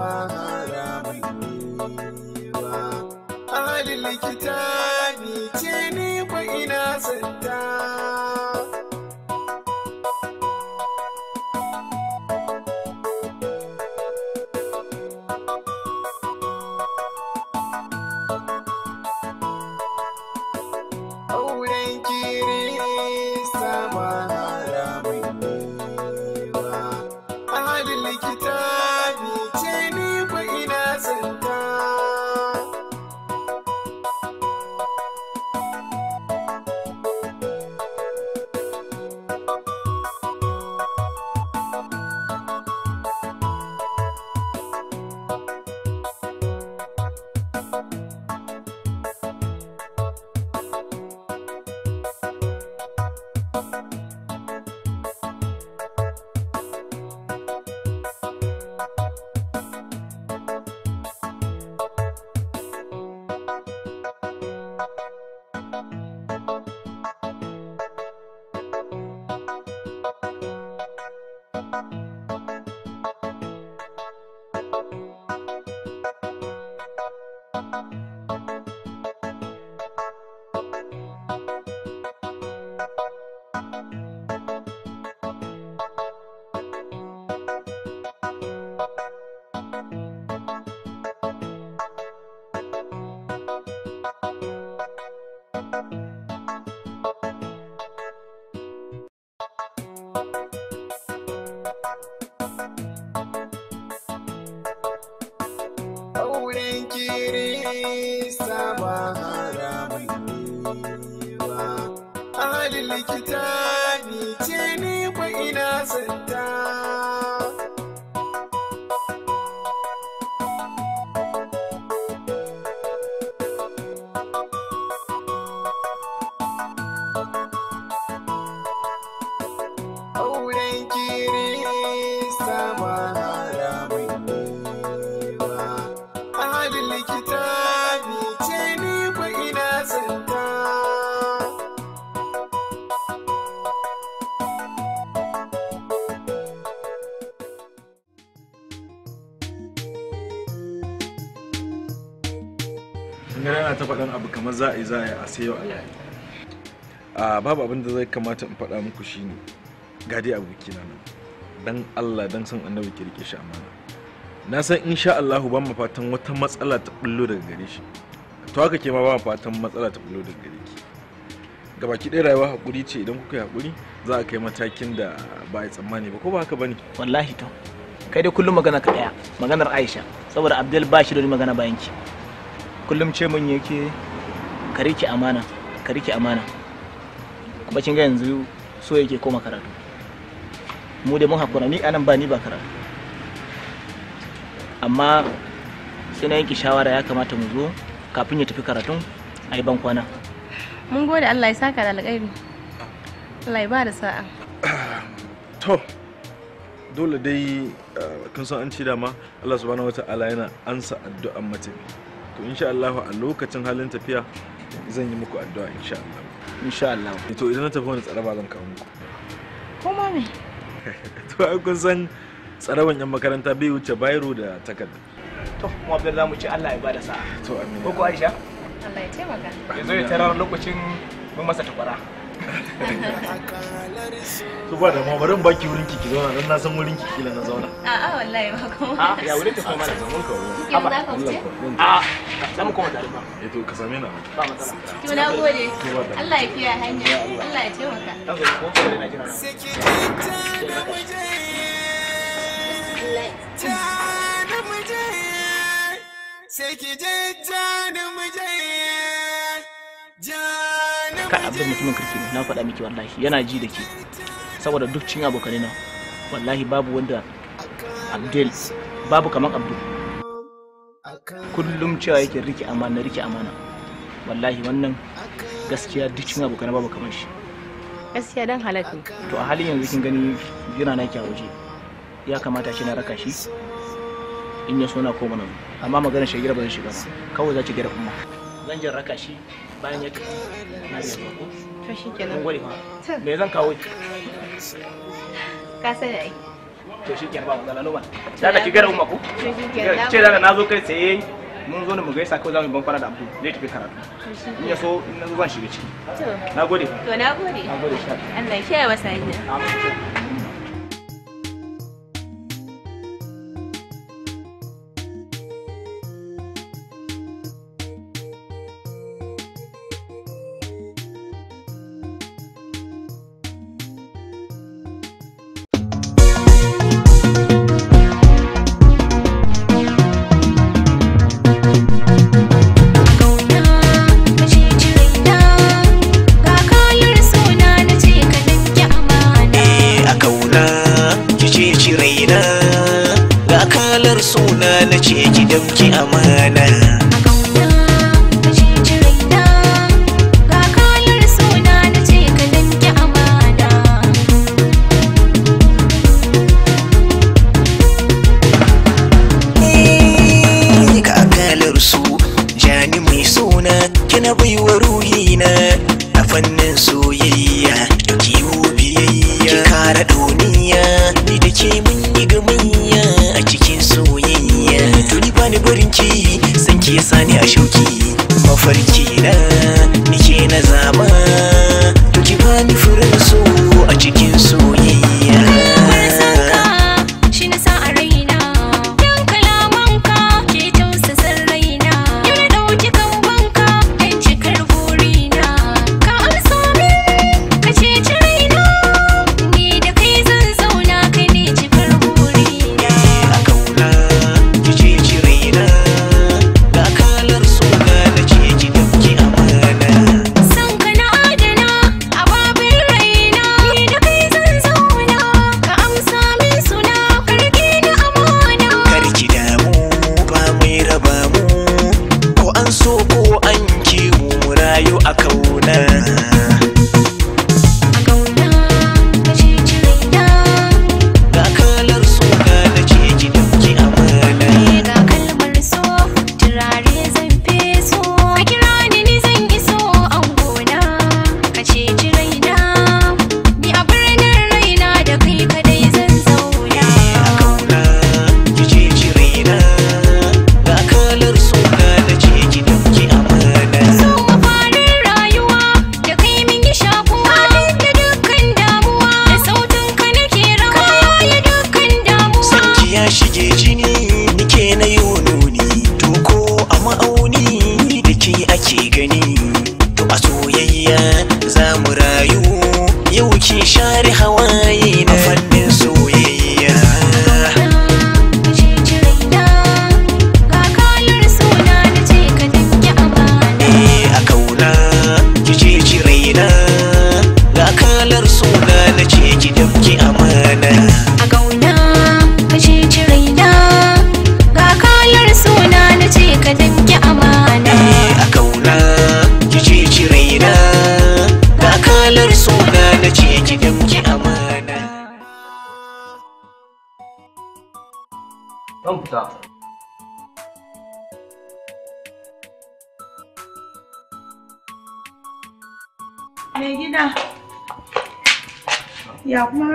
ba haramun ne ba. likita. thank you. ga yana ta faɗan abu kamar za a yi za a yi a sayo a yayi a babu abin da zai kamata in faɗa muku shine ga dai abokina nan dan Allah dan san annabi kirki shi amana na san insha Allah ban mu fatan wata matsala ta bullo daga gare shi to haka ke ma ba mu fatan matsala ta bullo daga gare ki gabaki ɗaya rayuwa hakuri ce idan kuka yi hakuri za a kai matakin da ba a tsammani ba ko ba haka bane wallahi to kai dai kullum magana ka daya maganar Aisha saboda Abdul Bashir magana bayan ki kullum ce mun yake ka rike amana ka rike amana kuma kin ga yanzu so yake koma karatu mu da mun hakura ni anan ba ni ba karatu amma sai na yanke shawara ya kamata mu zo kafin ya tafi karatun a yi bankwana mun gode Allah ya saka da alƙairi Allah ya ba da sa'a to dole dai eh, kan san an ci dama Allah subhanahu wata'ala yana ansa addu'an mace to insha Allah a lokacin halin tafiya zan yi muku addu'a insha Allah insha Allah to idan na tafi wani ba zan kawo muku kuma me to ai kun san tsarawan yan makaranta bai wuce bayro da takarda to kuma biyar zamu ci Allah ya bada sa'a to amin ko Aisha Allah ya taimaka yanzu ya tarar lokacin mun masa takwara su ba da mabarin baki wurin ki zauna don na san wurin ki na zauna a wallahi ba ko ah, ya wurin ta koma da zaman ka wurin ba a ah, za mu koma da ba eh to ka same na ba matsala to na gode Allah ya kiyaye hanya Allah ya taimaka sai ki je ta na muje ka abin mutumin kirki ne na faɗa miki wallahi yana ji da ke saboda duk cin abokanai na wallahi babu wanda abdul babu kamar abdul kullum cewa yake rike amana rike amana wallahi wannan gaskiya duk cin abokanai babu kamar shi gaskiya dan halatu. to a halin yanzu kin gani yana naki a waje ya kamata shi na raka shi in ya so na koma nan amma maganar shagira ba zan shiga ba kawai za ki gida kuma zan jan raka shi bayan ya na biya ko to shi kenan gode fa me zan kawo ki ka sai ai to shi kenan ba mu zalalo ba da ki gara umma ko to shi kenan ce da na zo kai mun zo ne mu gaisa kawai za mu da abu zai tafi karatu in ya so in na zo ban shiga ciki na gode to na gode na gode Allah ya kiyaye wasa yi i am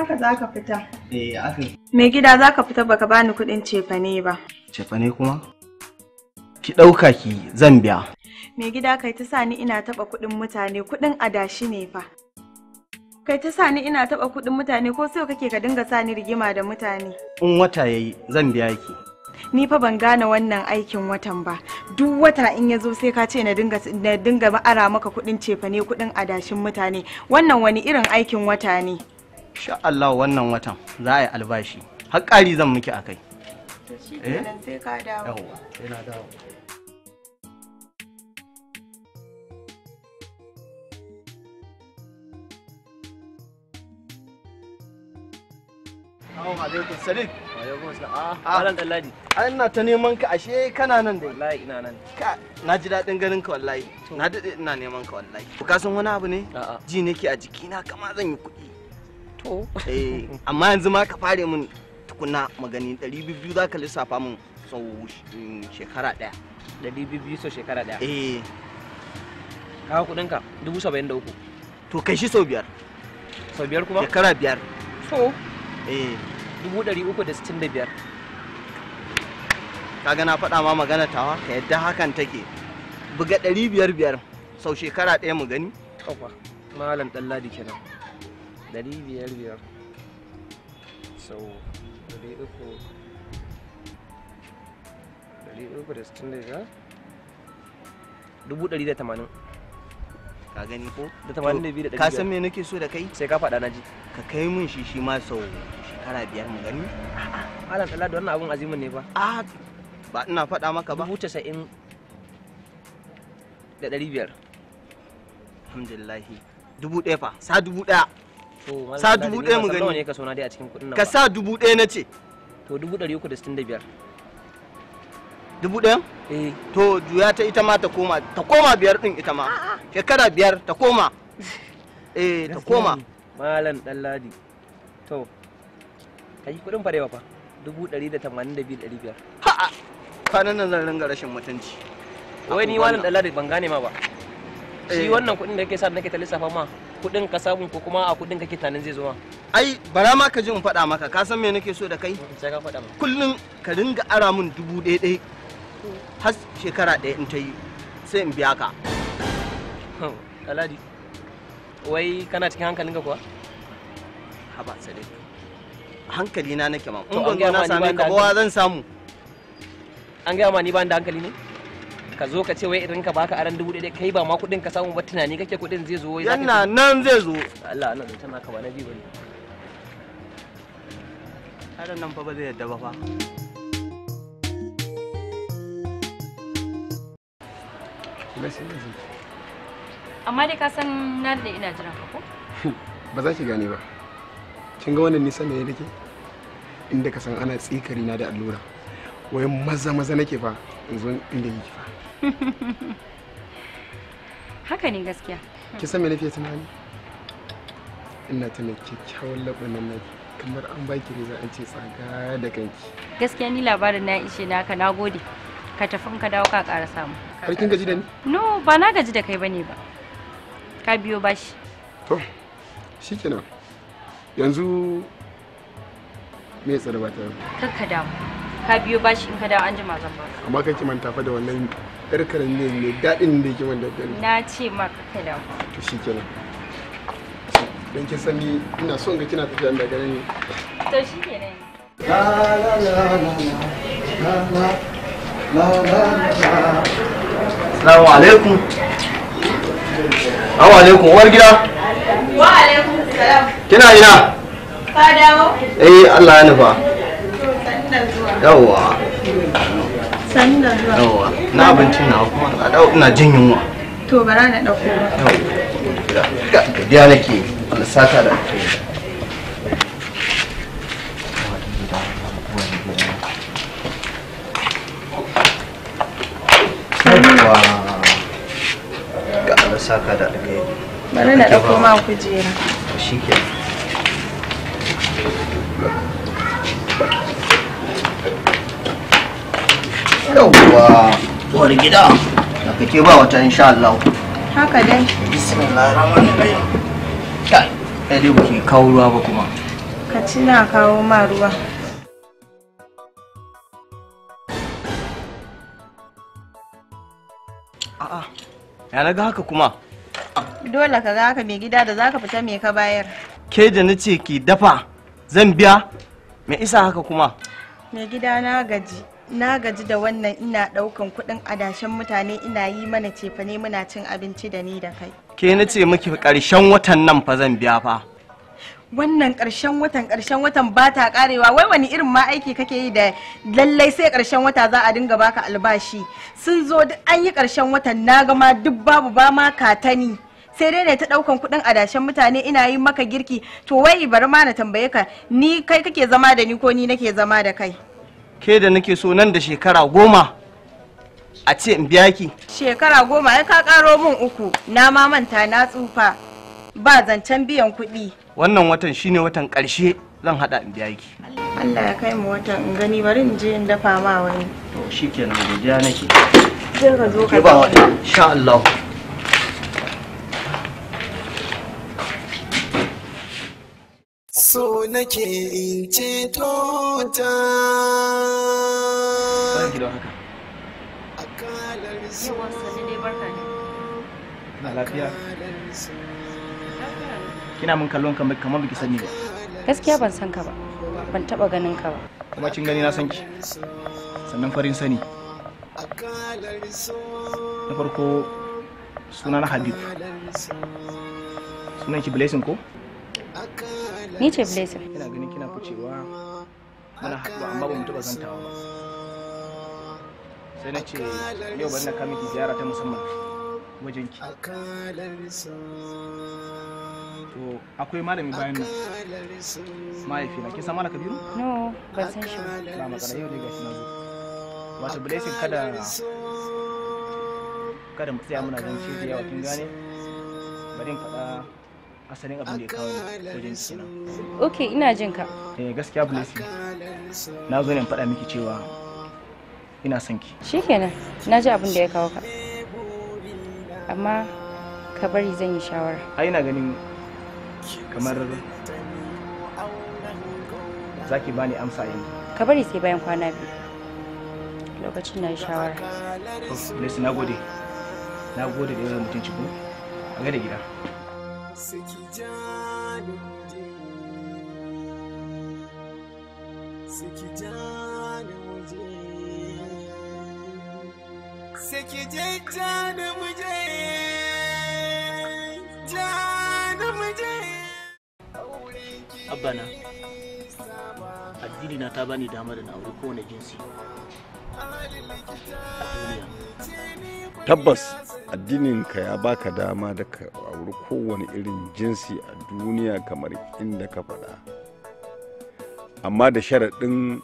haka za ka fita. Eh, aka. Mai gida za ka fita baka bani kuɗin cefane ba. Cefane kuma? Ki ɗauka ki zan biya. Mai gida kai ta sa ni ina taɓa kuɗin mutane kuɗin adashi ne fa. Kai ta sa ni ina taɓa kuɗin mutane ko sai kake ka dinga sa ni rigima da mutane. In wata yayi zan biya ki. Ni fa ban gane wannan aikin watan ba. Duk wata in ya zo sai ka ce na dinga na dinga ma'ara maka kuɗin cefane kuɗin adashin mutane. Wannan wani irin aikin wata ne? sha Allah wannan watan za a yi albashi har zan miki a kai sai eh? Ah, ah. ina ta neman ka ashe kana nan dai. Wallahi ina nan. Ka na ji daɗin ganin ka wallahi. Na daɗe ina neman ka wallahi. Ka san wani abu ne? A'a. Ji nake a jikina kama zan yi kuɗi. Eh, amma yanzu ma ka fare mun tukuna magani ɗari biyu za ka lissafa mun sau mm, shekara ɗaya ɗari biyu sau shekara ɗaya eh kawo kuɗin ka dubu saba'in da uku to kai shi sau biyar sau biyar kuma shekara biyar so eh dubu ɗari uku da sittin da biyar Ka gana faɗa ma magana tawa ka yadda hakan take buga ɗari biyar biyar sau shekara ɗaya mu gani malam ɗan ladi kenan Dari biyar biyar sau dari uku dari uku da sittin da Dubut dubu ɗari da tamanin ka gani ko da tamanin da biyu da ɗari ka san me nake so da kai sai ka faɗa na ji ka kai mun shi shi ma sau shekara biyar mu gani alan Allah da wannan abun azimin ne ba a ba ina faɗa maka ba dubu casa'in da ɗari biyar alhamdulillahi dubu ɗaya fa sa dubu ɗaya sa dubu ɗaya mu gani ka sona dai a cikin kuɗin ka sa dubu ɗaya na ce to dubu ɗari uku da sittin da biyar dubu ɗaya eh to juya ta ita ma ta koma ta koma biyar ɗin ita ma shekara biyar ta koma eh ta koma malam ɗanladi to ka yi kuɗin farewa fa dubu ɗari da tamanin da biyu ɗari biyar ha'a kwanan nan zan ringa rashin mutunci wai ni malam ɗanladi ban gane ma ba shi eh. wannan kuɗin da kake sa nake ta lissafa ma kudin ka samu ko kuma a kudin kake tanin zai zuma. ai bara ma ka ji in faɗa maka ka san me nake so da kai sai ka faɗa kullun ka ringa ara mun dubu ɗaya ɗaya har shekara ɗaya in ta yi sai in biya ka aladi wai kana cikin ka kuwa haba sadiq hankali na nake ma in mm, na same ka ba zan samu an ga ma ni ba da hankali ne ka zo ka ce wai irin ka baka aran dubu ɗaya kai ba ma kuɗin ka samu ba tunani kake kuɗin zai zo wai yana nan zai zo Allah na zai tana ka ba na biyu bane Haran nan fa ba zai yadda ba fa Amma dai ka san na da ina jira ka ko? Ba za ki gane ba. Kin ga wannan nisan da ya dake? Inda ka san ana tsikari na da allura. Wai maza maza nake fa in zo inda yake fa. haka ne gaskiya ki san me nake tunani ina tana kyakkyawan labanin nan kamar an baki ne za a ce tsaga da kanki gaskiya ni labarin na ishe naka na gode ka tafi in ka dawo ka ƙara samu har kin gaji da ni no ba na gaji da kai bane ba ka biyo bashi to shikenan yanzu me ya ba ta kakka dawo ka biyo bashi in ka dawo an jima zan ba amma kake manta fa da wannan yar ne mai daɗin da ke wanda ɗari. na ce maka kada to shi kenan don sani ina son ga kina tafiya da ne to shi kenan la Assalamu alaikum. Assalamu alaikum. Uwar gida. Wa alaikum salam. Kina ina? Ka dawo? Eh Allah ya nufa. Yawwa. Sani na zuwa. Yawwa, na na kuma na ina jin yunwa. To bara na dauko ba. nake Allah saka da Ga Allah saka da Bari na ma kujera. yawwa uwar gida da kake ba wata insha Allah haka dai bismillahir rahmanir rahim kai kai dai baki kawo ruwa ba kuma ka ci na kawo ma ruwa a'a ya naga haka kuma dole ka ga haka mai gida da zaka fita me ka bayar ke da nace ki dafa zan biya me isa haka kuma mai gida na gaji na gaji da wannan ina daukan kudin adashen mutane ina yi mana cefa ne muna cin abinci da ni da kai ke na ce miki karshen watan nan fa zan biya fa wannan karshen watan karshen watan ba ta karewa wai wani irin ma aiki kake yi da lallai sai karshen wata za a dinga baka albashi sun zo duk an yi karshen watan na gama duk babu ba ma katani sai dai ne ta daukan kudin adashen mutane ina yi maka girki to wai bari ma na tambaye ka ni kai kake zama da ni ko ni nake zama da kai ke da nake so nan da shekara goma a ce in biya ki shekara goma ya ka karo min uku na ma manta na tsufa ba zancen biyan kuɗi wannan watan shine watan ƙarshe zan hada in biya ki Allah ya kai mu watan in gani bari in je in dafa ma wani to shikenan godiya nake zan ka zo ka ba insha Allah so nake in ceto ta kina mun kallon kamar kamar biki sani ba gaskiya ban san ka ba ban taba ganin ka ba kuma kin gani na san ki sannan farin sani na farko suna na habib sunan ki blessing ko ni ce blessing ina ganin kina ficewa muna haɗuwa amma ba mu taɓa zantawa ba sai na ce yau bari na kama ki ziyara ta musamman wajen ki to akwai malami bayan nan mahaifina kin san mala biyu no ba san shi ba matsala yau dai gashi na zo wato blessing kada kada mu tsaya muna zance da yawa kin gane bari in faɗa asalin abin da ya kawo wajen suna. ok ina jin ka eh gaskiya blessing na zo ne in faɗa miki cewa ina son ki shikenan na ji abin da ya kawo ka amma ka bari zan yi shawara ai ina ganin kamar za ki bani amsa yanzu ka bari sai bayan kwana biyu lokacin na yi shawara blessing na gode na gode da yawan mutunci ku a ga gida saki janin waje saki janin waje saki janin waje janin waje abana addini na ta bani dama da na aure kowane jinsi a duniya tabbas addininka ya baka dama da ka auri kowane irin jinsi a duniya kamar inda ka faɗa amma da sharaɗin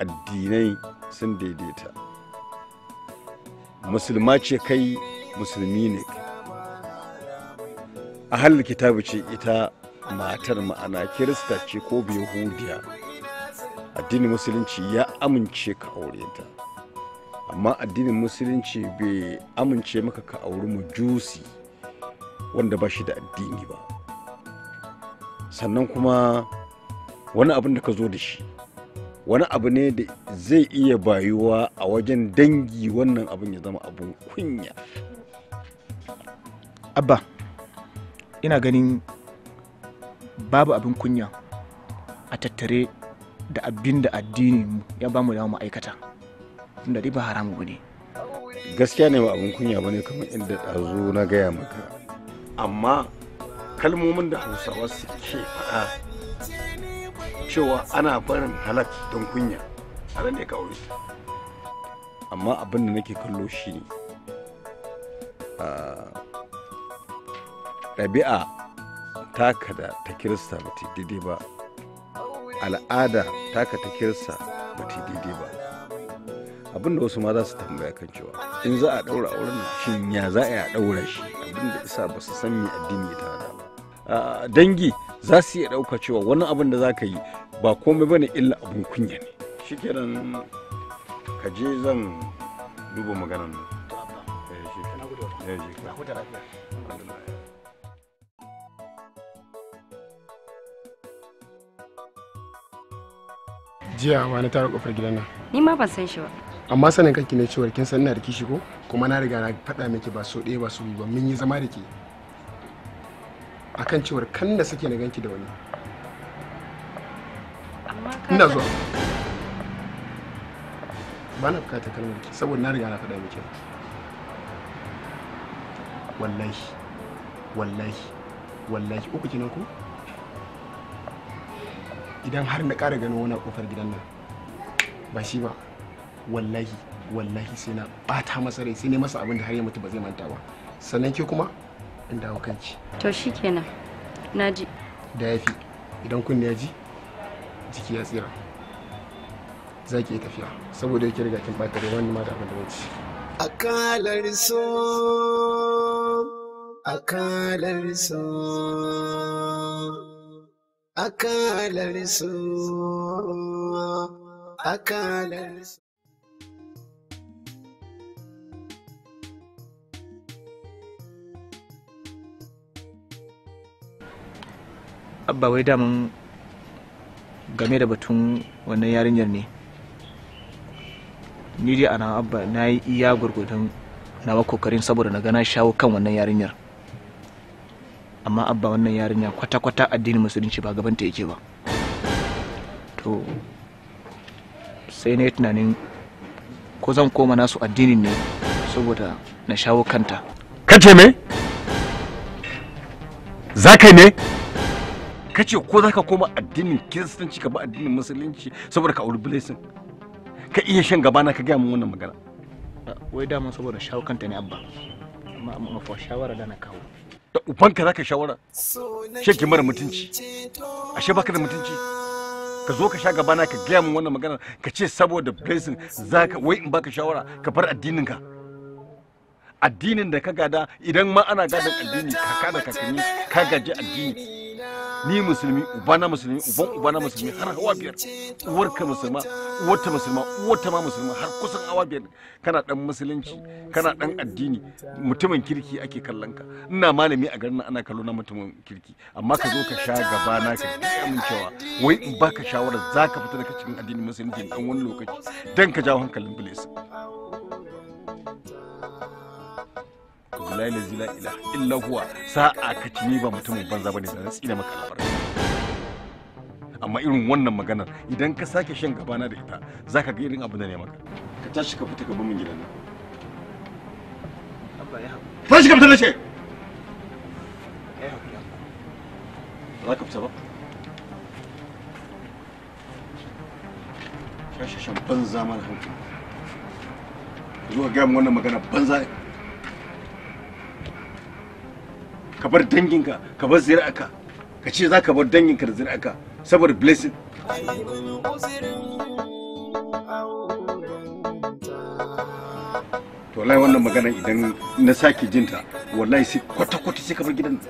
addinai sun daidaita musulma ce kai musulmi ne a halin kitabu ce ita matar ma'ana kirista ce ko yahudiya addinin musulunci ya amince ka aure ta amma addinin musulunci bai amince maka ka auri mujusi jusi wanda ba shi da addini ba sannan kuma wani abin da ka zo da shi wani abu ne da zai iya bayuwa a wajen dangi wannan abin ya zama abin kunya abba ina ganin babu abin kunya a tattare da abin da addini ya bamu dama mu aikata tunda dai ba haramu ne gaskiya ne ba abin kunya ba ne kamar inda ɗazu na gaya maka amma kalmomin da hausawa suke faɗa cewa ana barin halak don kunya ana ne amma abin da nake kallo shi ne ɗabi'a taka da ta kirista ba ta daidai ba al'ada taka ta kirista ba ta daidai ba abin da wasu ma za su tambaya kan cewa in za a ɗaura auren shin ya za a ɗaura shi abinda isa ba su san me addini ta da ba dangi za su iya ɗauka cewa wani abin da za ka yi ba komai bane illa abin kunya ne shikenan ka je zan duba maganar nan eh, eh, jiya wani tara kofar gidan nan ni ma ban san shi ba amma sanin kanki ne cewar kin san ina da kishi ko kuma na riga na faɗa miki ba so ɗaya ba so biyu ba mun yi zama da ke akan cewar kan da suke na ganki da wani ina zuwa ba na bukata kalmar ki saboda na riga na faɗa miki wallahi wallahi wallahi uku kinan ko idan har na ƙara ganin wani kofar gidan nan ba shi ba wallahi wallahi sai na bata masa rai sai ne masa abin da har ya mutu ba zai manta ba sannan ke kuma in dawo kanki to shikenan naji da yafi idan kun ya ji jiki ya tsira za ki yi tafiya saboda yake riga kin bata rai wani ma da abin da wuce akalar so akalar so akalar so akalar so abba wai daman game da batun wannan yarinyar ne ni dai ana abba na yi iya gurgudun nawa kokarin saboda na gana shawo kan wannan yarinyar amma abba wannan yarinya kwata-kwata addinin musulunci ba gabanta yake ba to sai na yi tunanin ko zan koma nasu addinin ne saboda na shawo kanta kace me za ka ne kace ko za ka koma addinin kiristanci ka ba addinin musulunci saboda ka auri blessing ka iya shan gaba na ka gaya min wannan magana wai dama saboda shawo kanta ne abba amma amma fa shawara da na kawo da ubanka zaka shawara shege mara mutunci ashe baka da mutunci ka zo ka sha gaba na ka gaya min wannan magana ka ce saboda blessing zaka wai in baka shawara ka bar addinin ka addinin da ka gada idan ma ana gadon addini kaka ka kakanni ka gaji addini ni musulmi uba na musulmi uban uba na musulmi har hawa biyar uwar ka musulma uwar ta musulma uwar ta ma musulma har kusan hawa biyar kana dan musulunci kana dan addini mutumin kirki ake kallon ka ina malami a garin ana kallo na mutumin kirki amma ka zo ka sha gaba na ka amincewa wai in baka shawara zaka fita daga cikin addini musulunci dan wani lokaci dan ka jawo hankalin bilis la ilaha illa huwa sa'a ka ci ni ba mutumin banza bane da tsina maka labar amma irin wannan maganar idan ka sake shan gabana da ita zaka ga irin abin da ne ka tashi ka fita ka bi min gidan nan abba ya ka fita na za ka fita ba shashashan banza mana hankali zuwa gaya wannan magana banza ka bar danginka ka bar zira'aka ka ce za ka bar danginka da zira'aka saboda blessing to wallahi wannan magana idan na sake jinta wallahi sai kwata-kwata sai ka bar gidan nan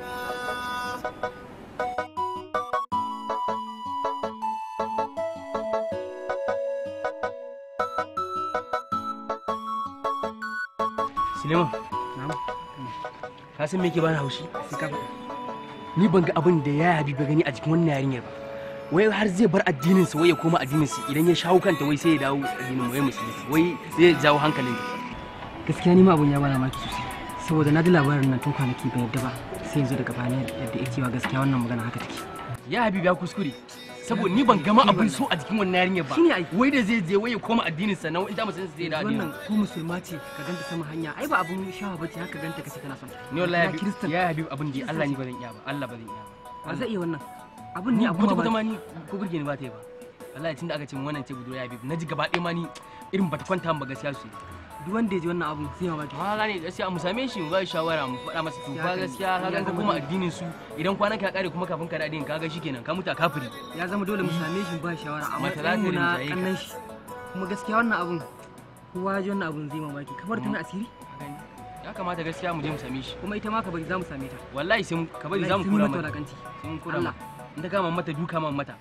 ka san me yake bani haushi sai ka faɗa ni ban ga abin da ya yabi ba gani a jikin wannan yarinyar ba wai har zai bar addinin sa wai ya koma addinin sa idan ya shawo kanta wai sai ya dawo addinin wai musulmi wai zai jawo hankalin gaskiya ni ma abun ya bana maki sosai saboda na ji labarin nan tun kwanaki ban yadda ba sai yanzu daga baya yadda yake cewa gaskiya wannan magana haka take ya habibi ya kuskure saboda ni ban gama abin so a jikin wannan yarinyar ba ai wai da zai je wai ya koma addinin sa nan in ta musulunci zai da addini wannan ko musulma ce ka ganta sama hanya ai ba abun shawa bace haka ganta kace kana son ni wallahi ya habib abin da Allah ni bazan iya ba Allah bazan iya ba ba zai iya wannan abun ne abun ba ma ni ko burge ni ba ta yi ba wallahi tunda aka ce mun wannan ce budura ya habib naji gaba ɗaya ma ni irin bata kwanta ba gaskiya su duk wanda ji wannan abun sai mamaki ha gane gaskiya mu same shi mu ba shawara mu faɗa masa to ba gaskiya ka ga kuma addinin su idan kwanan ka kare kuma kafin ka da addinin kaga shikenan ka muta kafiri ya zama dole mu same shi mu ba shawara amma mu na kannan shi kuma gaskiya wannan abun kowa ji wannan abun zai mamaki kamar tana mm. asiri ya kamata gaskiya mu je mu same shi kuma ita ma ka bari za mu same ta wallahi sai ka bari za mu kura mata sai mu kura mata in ta gama duka mata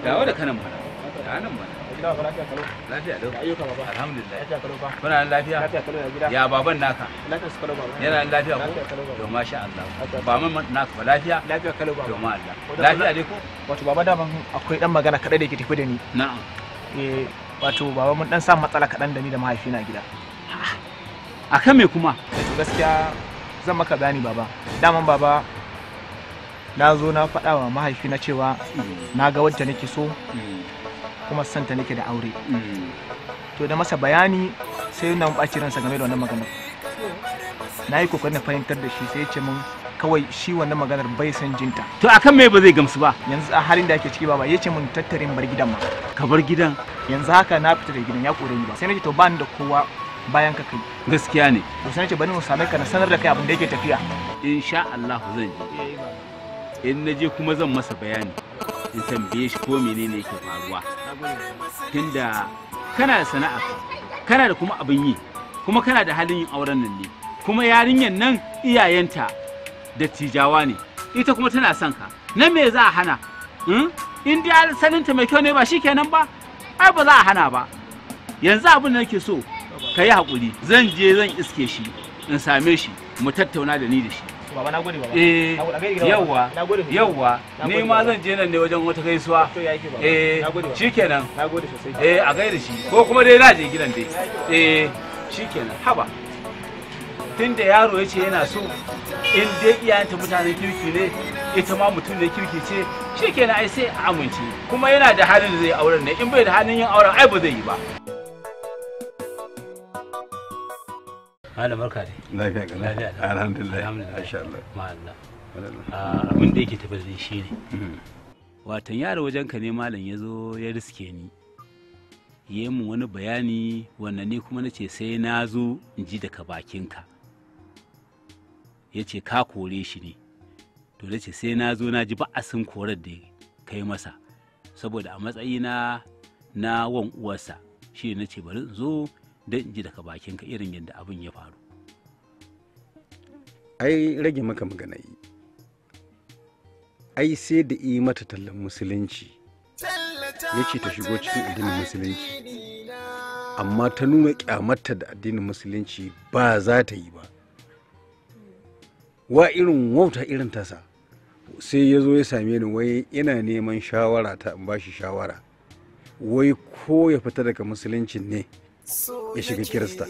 dawo da kanan mana da nan mana gida ba lafiya kalau lafiya lau ayyuka baba alhamdulillah lafiya ba kuna lafiya lafiya ya gida ya baban naka lafiya su baba yana lafiya ko to masha Allah ba naka ba lafiya lafiya kalau baba to ma Allah lafiya dai ko wato baba da ban akwai dan magana kada da ke tafi da ni na'am eh wato baba mun dan sa matsala kadan da ni da mahaifina gida akan me kuma gaskiya zan maka bayani baba daman baba na zo na faɗa wa mahaifi na cewa na ga wadda nake so kuma santa nake da aure to da masa bayani sai na ɓaci ransa game da wannan maganar na yi kokarin fahimtar da shi sai ce mun kawai shi wannan maganar bai san jinta to akan me ba zai gamsu ba yanzu a halin da ake ciki ba ya ce mun tattarin bar gidan ma ka bar gidan yanzu haka na fita da gidan ya kore ni ba sai na ce to ba da kowa bayan ka kai gaskiya ne to sai na ce bari mu same ka na sanar da kai abin da yake tafiya insha Allah zan je eh, in na je kuma zan masa bayani in tambaye shi ko menene yake faruwa tunda kana da sana'a kana da kuma abin yi kuma kana da halin yin auren nan ne kuma yarinyar nan iyayenta da tijawa ne ita kuma tana son ka na me za a hana hmm? in dai saninta mai kyau ne ba shikenan ba ai ba za a hana ba yanzu abin da nake so ka yi haƙuri zan je zan iske shi in same shi mu tattauna da ni da shi ba na gode eh, ni ma zan je nan ne wajen wata gaisuwa eh shikenan eh a gaida shi ko kuma dai na je gidan dai eh shikenan haba tunda yaro ya ce yana so in dai iyayenta mutanen kirki ne ita ma mutum ne kirki ce shikenan ai sai a amince kuma yana da halin da zai auren ne in bai da halin yin auren ai ba zai yi ba malam barka dai lafiya lafiya alhamdulillah alhamdulillah Allah ah, abin da shi ne hmm. watan yaro wajen ka ne malam ya zo ya riske ni yi wani bayani wannan ni kuma nace sai na zo in ji daga bakinka ya ce ka kore shi ne to da ce sai na zo na ji ba'asin korar da kai masa saboda a matsayina na wan uwarsa shi na ce bari in zo don in ji daga bakinka irin yadda abin ya faru ai rage maka magana ai sai da yi mata tallan musulunci ya ce ta shigo cikin addinin musulunci amma ta nuna kyamata da addinin musulunci ba za ta yi ba wa irin wauta irin tasa sai ya zo ya same ni wai yana neman shawara ta in ba shi shawara wai ko ya fita daga musuluncin ne ya shiga kirista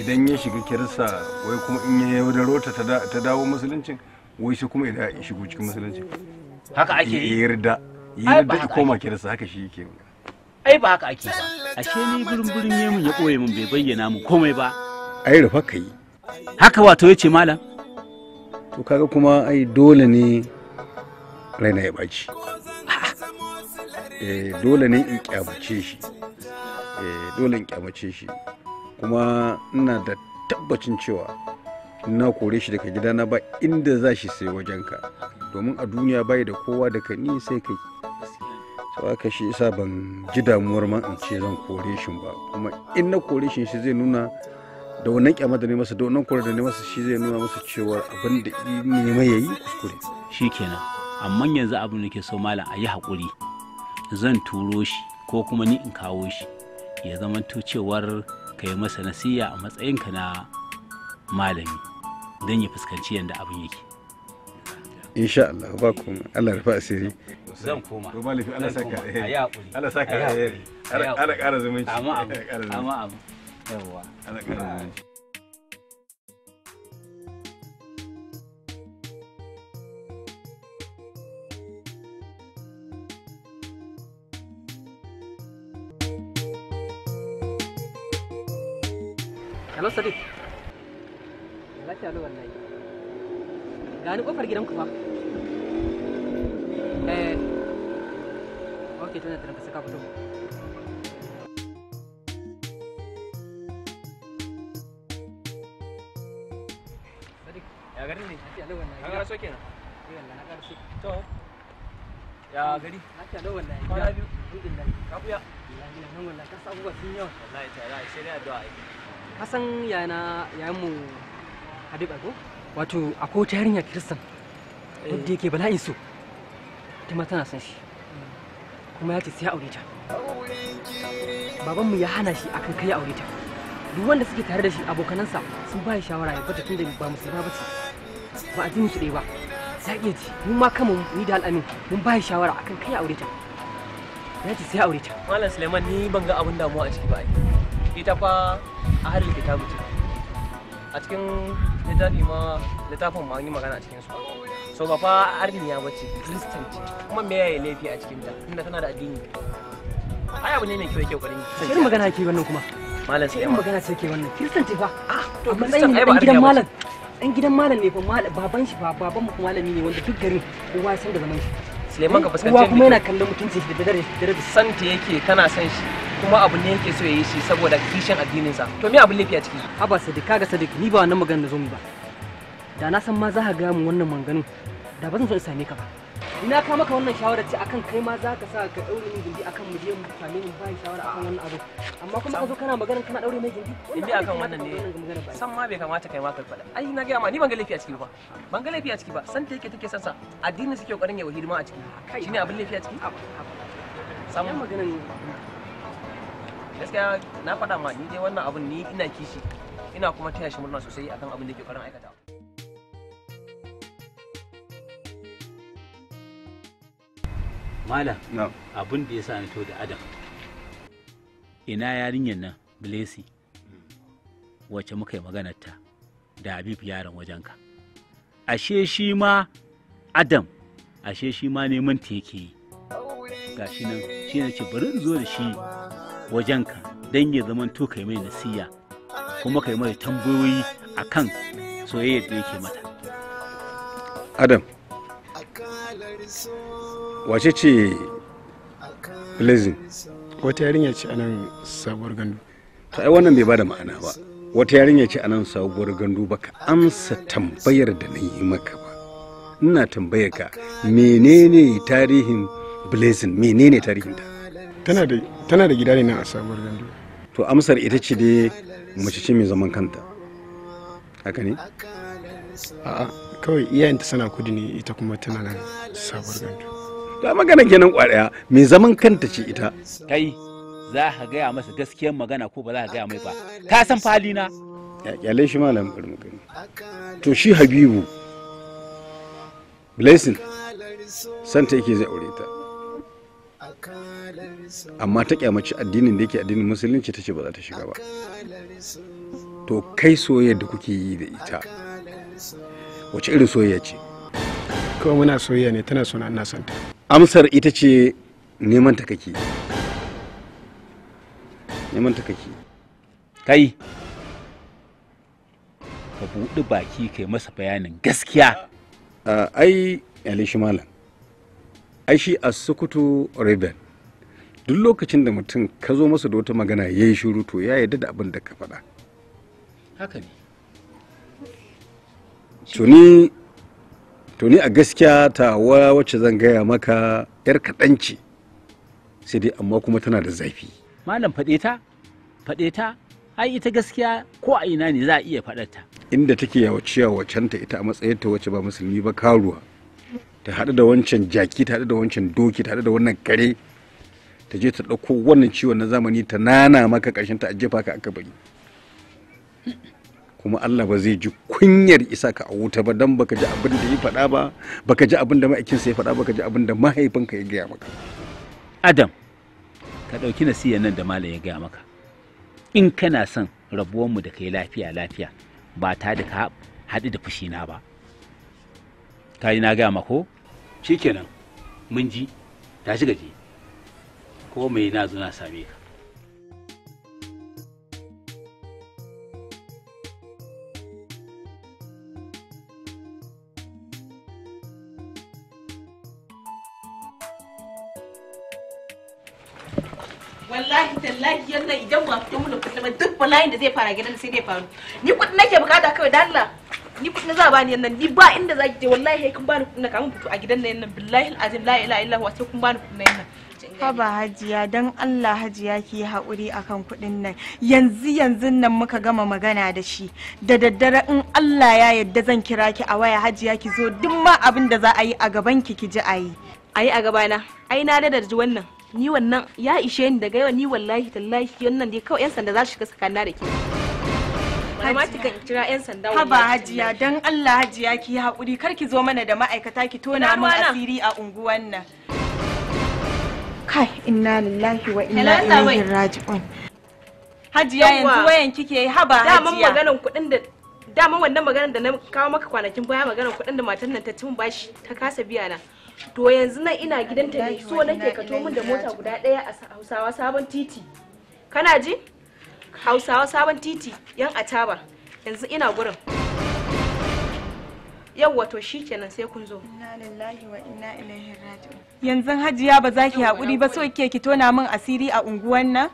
idan ya shiga kirista wai kuma in ya yaudaro ta ta dawo musuluncin wai shi kuma idan ya shigo cikin musuluncin haka ake yi yarda yarda ya koma kirista haka shi yake ai ba haka ake ba ashe ni burin burin yemin ya koye min bai bayyana mu komai ba ai rufa kai haka wato yace malam to kaga kuma ai dole ne raina ya baci eh dole ne in kyabace shi Eh, dole in kyamace shi kuma ina da tabbacin cewa na kore shi daga gidana ba inda za shi sai wajenka domin a duniya bai da kowa daga ni sai kai sau aka shi isa ban ji damuwar ma in ce zan kore shi ba kuma in na kore shi shi zai nuna da wannan kyamar da ne masa da wannan kore da ne masa shi zai nuna masa cewa abin da nema ya yi kuskure shi kenan amma yanzu abin da ke so malam a yi haƙuri zan turo shi ko kuma ni in kawo shi ya zamanto cewar ka yi masa nasiya a matsayinka na malami don ya fuskanci yadda abin yake insha Allah ba kuma Allah rufa asiri zan koma ko malafi Allah saka ya Allah saka ya Allah kara zumunci amma amma yawa Allah kara zumunci Hello Sadiq. Lafiya lo wallahi. Gani kofar gidanku fa. Eh. Okay, tana da ka saka fito. Sadiq, ya garin ne? Lafiya lo wallahi. Ka karaso eh, na karaso. To. Ya gari. Lafiya lo wallahi. Kwana biyu. Alhamdulillah. Kafiya. Wallahi nan wallahi ka sun yawa. ta kasan yana ya mu habib ago wato akwai wata yarinya kiristan eh. wadda yake bala'in so ta ma tana son shi kuma ya ce sai aure ta babanmu ya hana shi akan kai aure ta duk wanda suke tare da shi abokanansa sun ba shawara ya bata tunda ba musulma ba ce ba addinin su ɗaya ba ya iya mun ma kama ni da al'amin mun ba shawara akan kai aure ta ya ce sai aure ta malam suleiman ni ban ga abin damuwa a ciki ba ita fa ahalin kitabu ce a cikin littafi ma littafin ma magana a cikin su so ba fa arniya bace kristan ce kuma me yayi laifi a cikin ta tunda tana da addini ai abu ne mai kyau kyau kwarin irin magana ke wannan kuma malam sai irin magana sai ke wannan kristan ce fa a to kristan ai ba gidan malam an gidan malam ne fa baban shi fa baban mu malami ne wanda duk garin kowa san da zaman shi Suleiman ka kuma yana kallon mutunci da dare da dare yake kana san shi kuma abu ne yake so ya yi shi saboda kishin addininsa to me abin lafiya ciki haba sadiq kaga sadiq ni ba wannan maganar da zo mu ba da na san ma za ka gaya min wannan maganganun da ba zan so in same ka ba ina ka maka wannan shawara ce akan kai ma za ka sa ka daure min gindi akan mu je mu same mu ba shawara akan wannan abu amma kuma ka zo kana magana kana daure mai gindi gindi akan wannan ne san ma bai kamata kai ma ka faɗa ai na ga ma ni ban ga laifi ciki ba ban ga laifi ciki ba san ta yake take san addinin addini suke kokarin ya ma a ciki shine abin laifi a ciki san maganar gaskiya na faɗa ma ni dai wannan abun ni ina kishi ina kuma taya shi murna sosai akan abin da ke ƙoƙarin aikata Malam, abin da ya sa ni to da Adam. Ina yarinyar nan, Blessy, wacce muka yi maganar ta da Habib yaron wajenka. Ashe shi ma Adam, ashe shi ma neman ta yake yi. Ga shi nan, shi ne ce bari in zo da shi wajenka don ya zaman to kai mai nasiya kuma kai mai tambayoyi a kan soyayyar da yake mata adam wace ce blazing wata yarinya ce a nan sabuwar gandu ta wannan bai bada ma'ana ba wata yarinya ce a nan sabuwar gandu baka amsa tambayar da na yi maka ba ina tambayar ka menene tarihin blazing menene tarihin ta tana da tana da gida ne na a sabuwar gandu to amsar ita ce dai mace ce mai zaman kanta haka ne a'a kawai iyayenta sana kudi ne ita kuma tana nan sabuwar gandu to magana kenan kwaraya mai zaman kanta ce ita kai za ka gaya masa gaskiyar magana ko ba za ka gaya mai ba ka san falina kyale shi malam karmukani to shi habibu blessing santa yake zai aure ta amma ta kyamaci addinin da yake addinin musulunci ta ce ba za ta shiga ba to kai soyayya da kuke yi da ita wace irin soyayya ce kawai muna soyayya ne tana suna ina santa amsar ita ce neman ta kake neman ta kake kai ka buɗi baki kai masa bayanin gaskiya ai yale malam ai shi a sukutu rebel duk lokacin da mutum ka zo masa da wata magana ya yi shiru to ya yarda da abin da ka faɗa haka ne to ni a gaskiya tawa wacce zan gaya maka yar kaɗanci sai dai amma kuma tana da zafi malam faɗe ta faɗe ta ai ita gaskiya ko a ina ne za a iya faɗar ta inda take yawaciya wacanta ita a matsayin ta wacce ba musulmi ba karuwa ta haɗu da wancan jaki ta haɗu da wancan doki ta haɗu da wannan kare ta je ta ɗauko wannan ciwon na zamani ta nana maka ƙarshen ta jefa ka aka bari kuma Allah ba zai ji kunyar isa ka a wuta ba don baka ji abin da ya faɗa ba baka ji abin da ma'aikinsa ya faɗa baka ji abin da mahaifinka ya gaya maka Adam ka ɗauki nasiyar nan da malam ya gaya maka in kana son rabuwar mu da kai lafiya lafiya ba ta da ka haɗu da fushina ba ka yi na gaya mako shikenan mun ji ta shiga je ko mai na zo na same ka wallahi tallahi yalla idan ba fito mun kullum duk bala'in da zai fara gidan sai dai faru ni kudi nake bukata kawai da Allah ni kudi na za bani yannan ni ba inda zaki je wallahi kun bani kudi na kamun fito a gidan nan yannan billahi azim la ilaha illa huwa sai kun bani kudi na yannan haba hajiya don allah hajiya ki haƙuri akan kuɗin nan yanzu yanzu nan muka gama magana da shi da daddare in allah ya yadda zan kira ki a waya hajiya ki zo duk ma abin da za a yi a gaban ki ki ji a yi a yi a gabana ai na da ji wannan ni wannan ya ishe ni daga yau ni wallahi tallahi wannan dai kawai yan sanda za su shiga sakana da ke haba hajiya don allah hajiya ki yi haƙuri kar ki zo mana da ma'aikata ki tona mun asiri a unguwan nan kai inna lillahi wa inna ilaihi raji'un hajiya yanzu wayan kike haba hajiya dama maganar kuɗin da dama wannan maganar da na kawo maka kwanakin baya maganar kuɗin da matar nan ta cin bashi ta kasa biya na to yanzu nan ina gidanta ne so nake ka to min da mota guda ɗaya a Hausawa sabon titi kana ji Hausawa sabon titi yan ataba yanzu ina gurin Yau wato shi kenan sai kun zo inna lillahi wa inna ilaihi raji'un yanzu hajiya ba za ki haƙuri ba so ke ki tona min asiri a unguwan nan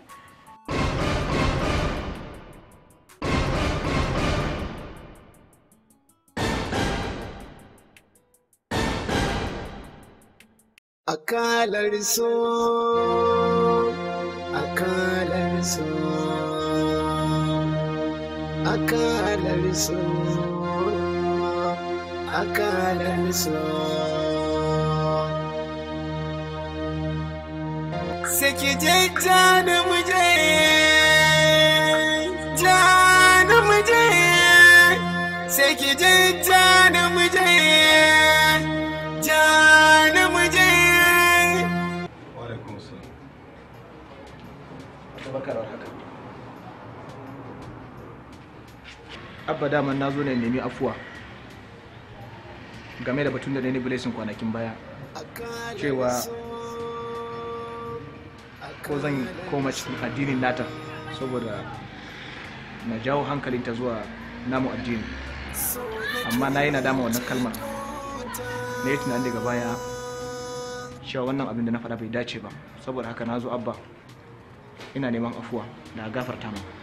akalar so akalar so akalar so akalansu Saki je ta da muje ta da muje Saki je ta da muje ta da muje Abba na zo ne nemi afuwa game da batun da Danny Blessing kwanakin baya cewa ko zan koma cikin addinin nata saboda na jawo ta zuwa namu addini amma na yi nadama wannan kalmar na yi tunanin daga baya cewa wannan abin da na faɗa bai dace ba saboda haka na zo abba ina neman afuwa da gafarta mu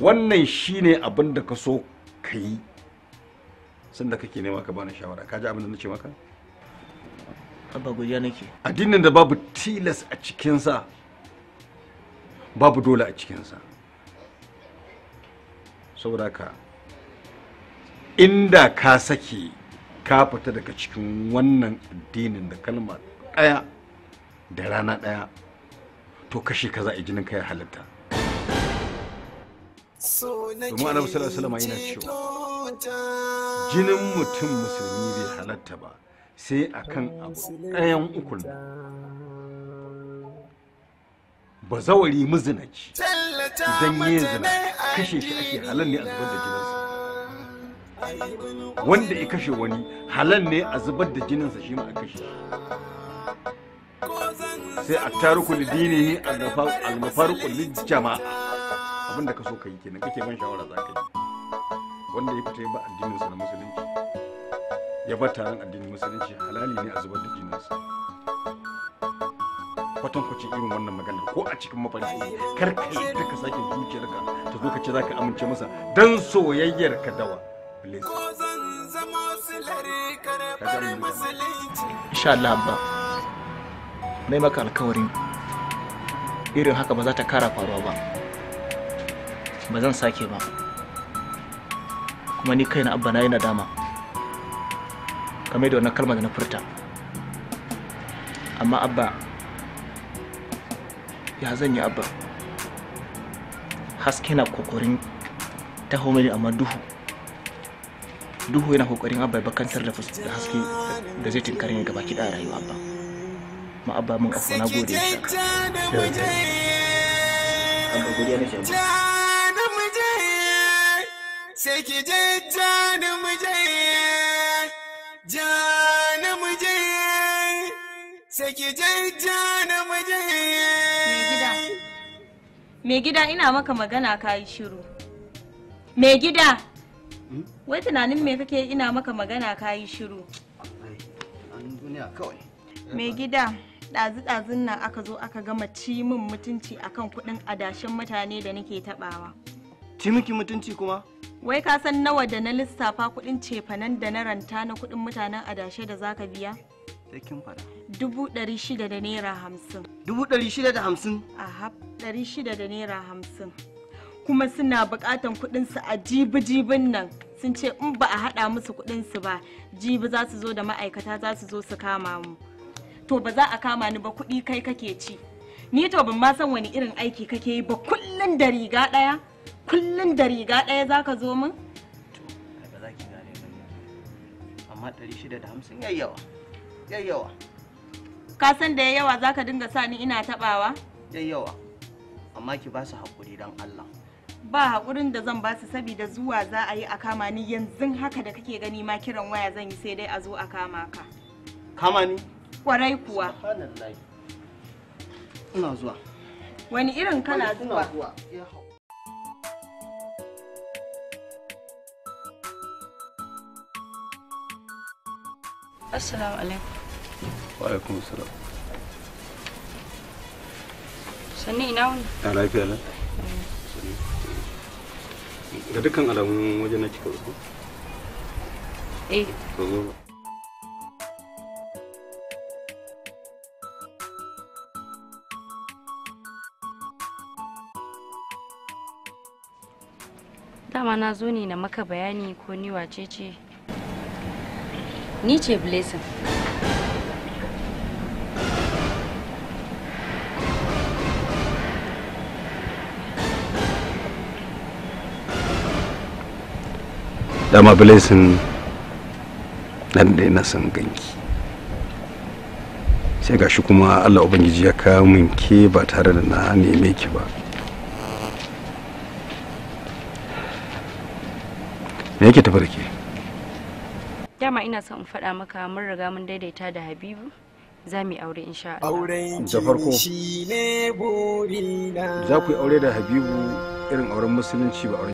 wannan shine abin da ka so ka yi sanda kake nema ka bani shawara ka ji abin da nace maka abba guja nake addinin da babu tilas a cikinsa babu dole a cikinsa saboda ka inda ka sake ka fita daga cikin wannan addinin da kalma ɗaya da rana ɗaya to kashe ka za a jinin ka ya halitta domin annabi sallallahu alaihi yana cewa jinin mutum musulmi bai halatta ba sai akan abu ɗayan ukun ba zawari mizinaci idan ya zina kashe shi ake halal ne a zubar da jininsa wanda ya kashe wani halal ne a zubar da jininsa shi ma a kashe sai a tarukul dini al-mafarqu lil jama'a abin da ka so ka yi kenan kake ban shawara za ka yi wanda ya fita ya ba addininsa na musulunci ya ba taron addinin musulunci halali ne a zubar da jininsa kwacin irin wannan magana ko a cikin mafarki kar ka yi ta ka sake zuciyarka ta zo ka ce za ka amince masa don soyayyar ka dawa insha Allah ba maka alkawarin irin haka ba za ta kara faruwa ba ba zan sake ba kuma ni kai na abba na yi nadama game da wannan kalmar da na furta amma abba ya zan yi abba haske na kokorin taho mini amma duhu duhu yana kokarin abba ya bakantar da haske da zai tinkari ne gabaki da rayuwa abba ma abba mun afuwa na gode ya abba godiya na shi abba sai ki je jani mu je jani mu je sai ki je jani mu je me gida ina maka magana ka yi shiru me gida hmm? wai tunanin me kake ina maka magana ka yi shiru me gida ɗazu-ɗazun nan aka zo aka gama ci min mutunci akan kuɗin adashin mutane da nake taɓawa. ci mutunci kuma wai ka san nawa da na lissafa kuɗin cefanen da na ranta na kuɗin mutanen adashe da zaka biya sai fara dubu ɗari shida da naira hamsin dubu ɗari shida da hamsin aha ɗari shida da naira hamsin kuma suna buƙatan su a jibi-jibin nan sun ce in ba a haɗa musu su ba jibi za su zo da ma'aikata za su zo su kama mu to ba za a kama ni ba kuɗi kai kake ci ni to ban ma san wani irin aiki kake yi ba kullum da riga ɗaya kullum da riga ɗaya za ka zo min? To, ba za ki gane ba Amma ɗari shida da hamsin yayyawa. Yayyawa. Ka san da yawa za ka dinga sa ni ina taɓawa? Yayyawa. Amma ki ba su haƙuri don Allah. Ba haƙurin da zan ba su saboda zuwa za a yi a kama ni yanzu haka da kake gani ma kiran waya zan yi sai dai a zo a kama ka. Kama ni? Kwarai kuwa. Ina zuwa. Wani irin kana zuwa? Ina zuwa. السلام عليكم وعليكم السلام assalam sanni ina wuni a lafiya la mm. ga dukkan alamun wajen na kika rufu eh to zo dama na zo ne na maka bayani ko ni wace ce Ni ce Blessing. Dama Blessing nan da ina san ganki. Sai gashi kuma Allah Ubangiji ya kawo min ke ba tare da na neme ki ba. Me yake tafi da ke? dama ina son in faɗa maka mun riga mun daidaita da habibu za mu yi aure sha Allah auren da farko za ku yi aure da habibu irin auren musulunci ba